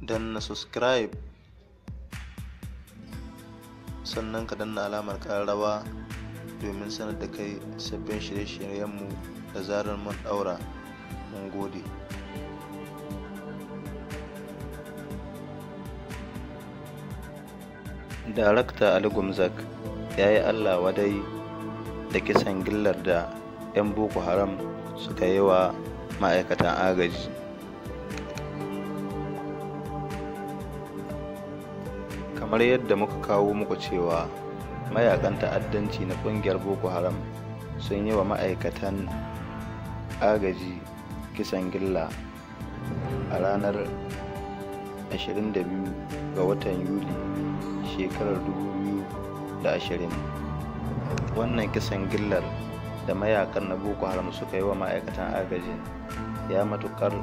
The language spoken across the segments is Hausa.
dan na subscribe sannan ka danna alamar rawa domin sanar da kai sabbin shirye-shiryenmu da zarar mun daura mun gode darakta ali gumzak ya yi allah wadai da kisan gillar da 'yan boko haram suka yi wa ma'aikatan agaji kamar yadda muka kawo muku cewa mayakan ta'addanci na kungiyar boko haram sun yi wa ma'aikatan agaji kisan gilla a ranar 22 ga watan yuli shekarar 2020 wannan kisan gillar da mayakan na boko haram suka yi wa ma'aikatan agaji ya matukar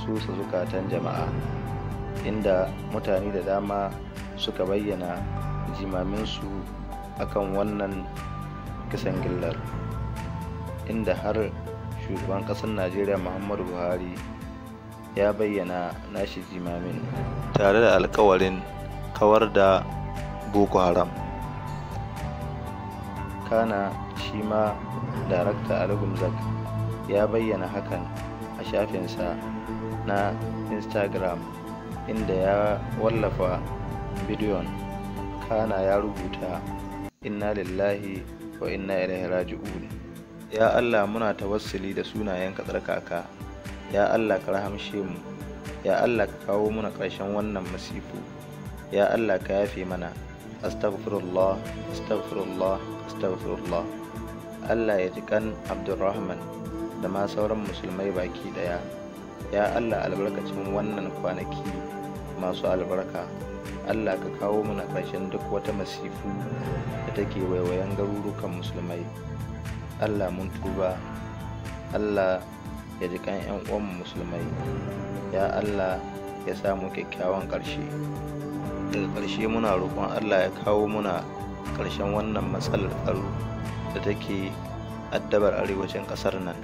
susa zukatan jama'a inda mutane da dama suka bayyana jimaminsu akan wannan kisan gillar inda har shugaban ƙasar najeriya muhammadu buhari ya bayyana nashi jimamin tare da alkawarin kawar da boko haram kana shi ma darakta algumzak ya bayyana hakan a shafinsa na instagram inda ya wallafa bidiyon kana ya rubuta inna lillahi wa inna ilaihi raji'un ya allah muna tawassuli da sunayen tsarkaka ya allah ka rahamshe mu ya allah ka kawo muna ƙarshen wannan masifu ya allah ka yafe mana astaghfirullah astaghfirullah astaghfirullah allah ya jikan kan da ma sauran musulmai baki daya ya allah albarkacin wannan kwanaki masu albarka allah ka kawo mana ƙarshen duk wata masifu da take waiwayen garurukan musulmai allah mun tuba allah ya ji kan 'yan uwan musulmai ya allah ya samu kyakkyawan ƙarshe daga ƙarshe muna roƙon allah ya kawo muna ƙarshen wannan matsalar tsaro da take addabar arewacin ƙasar nan